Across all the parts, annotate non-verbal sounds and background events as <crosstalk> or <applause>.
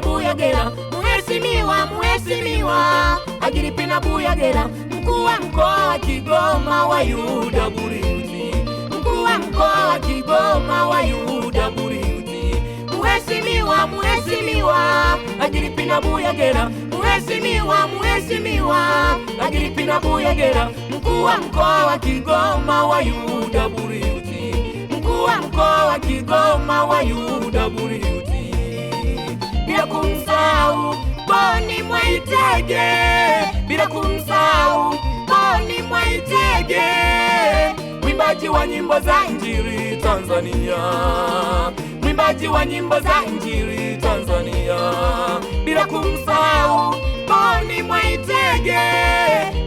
pina buyogera muhesimiwa muhesimiwa agiri pina buyogera mkuu wa mkoa wa Kigoma wa Yuda Buriuti mkuu wa mkoa wa Kigoma wa Yuda Buriuti muhesimiwa muhesimiwa agiri pina buyogera muhesimiwa muhesimiwa agiri pina buyogera mkuu wa mkoa wa Kigoma wa Yuda Buriuti mkuu wa mkoa wa Kigoma wa Yuda Buriuti bila kumsahau Boni Mwaitege, bila kumsahau Boni Mwaitege, mwimbaji wa nyimbo za injili Tanzania, mwimbaji wa nyimbo za injili Tanzania, bila kumsahau Boni Mwaitege,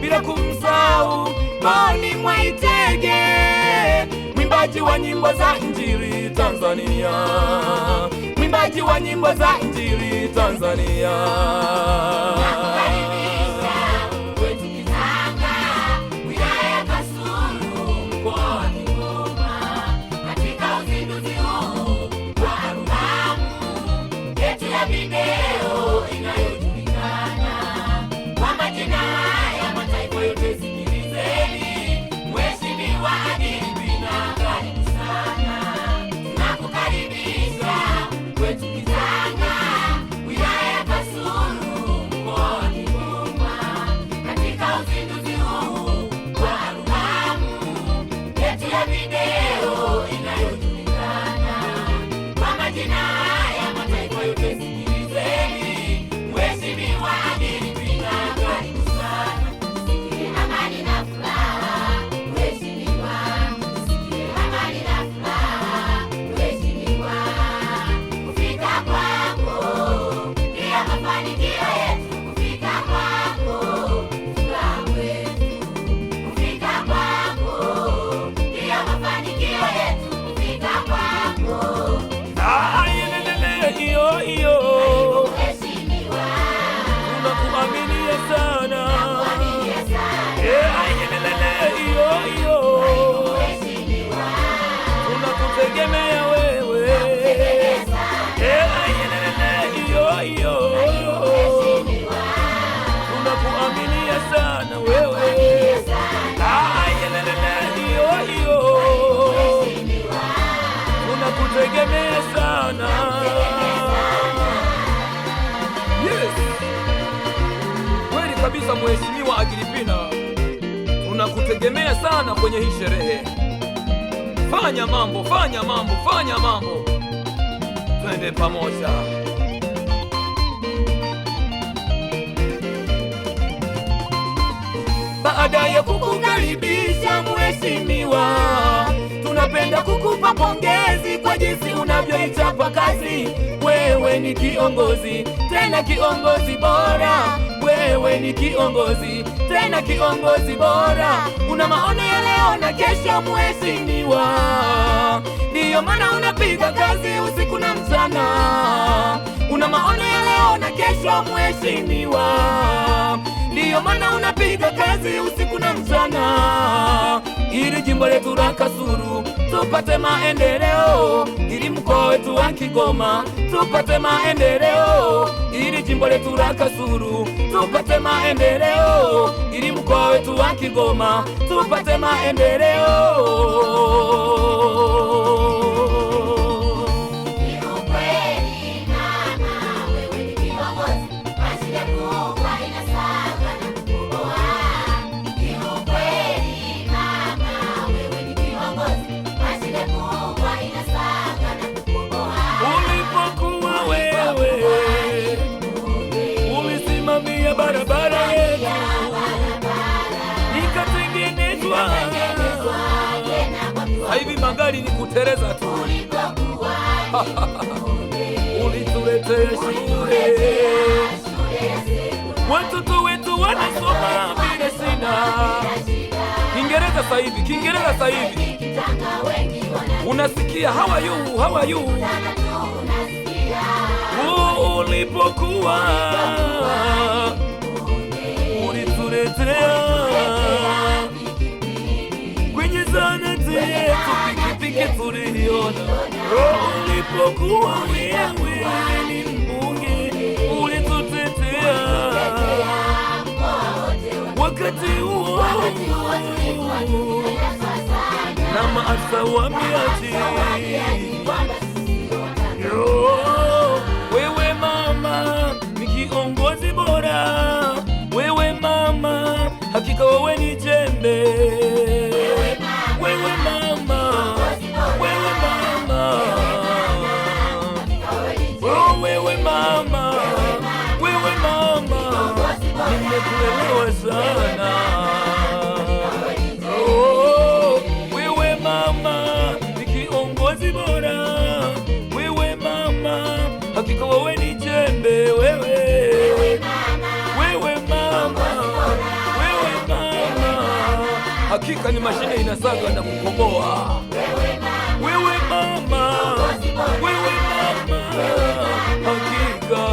bila kumsahau Boni Mwaitege, mwimbaji wa nyimbo za injili Tanzania mwimbaji wa nyimbo za Injili Tanzania. Sasa Mheshimiwa Agripina, tunakutegemea sana kwenye hii sherehe. Fanya mambo, fanya mambo, fanya mambo, twende pamoja. Baada ya kukukaribisha mheshimiwa tunapenda kukupa pongezi kwa jinsi unavyoichapa kazi. Wewe ni kiongozi tena kiongozi bora, wewe ni kiongozi tena kiongozi bora. Una maono ya leo na kesho, mheshimiwa, ndiyo maana unapiga kazi usiku na mchana. Una maono ya leo na kesho, mheshimiwa, ndiyo maana unapiga kazi usiku na mchana ili jimbo letu la Kasulu tupate maendeleo, ili mkoa wetu wa Kigoma tupate maendeleo, ili jimbo letu la Kasulu tupate maendeleo, ili mkoa wetu wa Kigoma tupate maendeleo. ni kutereza tu, <laughs> ulituletea shule, watoto wetu wanasoma bila shida. Kiingereza sasa hivi, Kiingereza sasa hivi, unasikia how are you, how are you ulipokuwa, ulipokuwa yake tuliiona ulipokuwa wewe ni mbunge, ulitutetea wakati huo na maafisa wa mama Hakika wewe ni jembe ukishika ni mashine inasaga na kukoboa. Wewe mama, wewe mama, hakika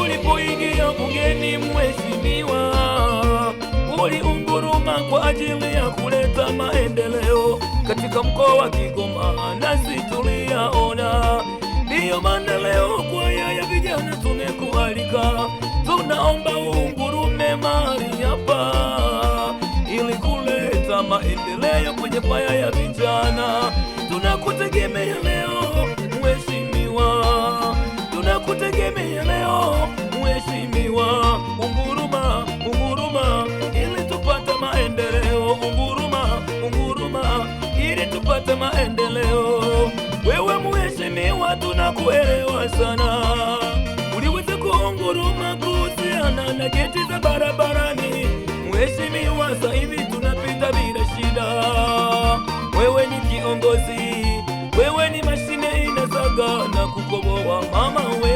ulipoingia bungeni, mheshimiwa, uliunguruma kwa ajili ya kuleta maendeleo katika mkoa wa Kigoma, nasi tuliyaona. Ndiyo maana kwaya ya vijana tumekualika, tunaomba uungurume mahali hapa za maendeleo kwenye kwaya ya vijana. Tunakutegemea leo mheshimiwa, tunakutegemea leo mheshimiwa. Unguruma, unguruma ili tupate maendeleo. Unguruma, unguruma ili tupate maendeleo. Wewe mheshimiwa, tunakuelewa sana. Uliweza kuunguruma kuhusiana na geti za barabarani mheshimiwa, sahivi tu away.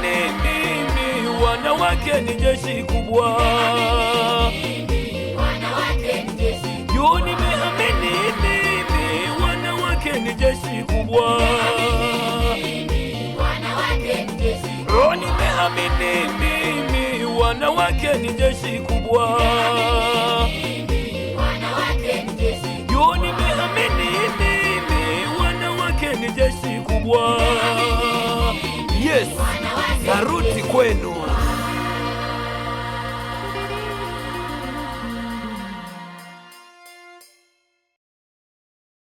nini mimi, wanawake ni jeshi kubwa, juu nimeamini mimi, wanawake ni jeshi kubwa, nimeamini mimi, wanawake ni jeshi kubwa no.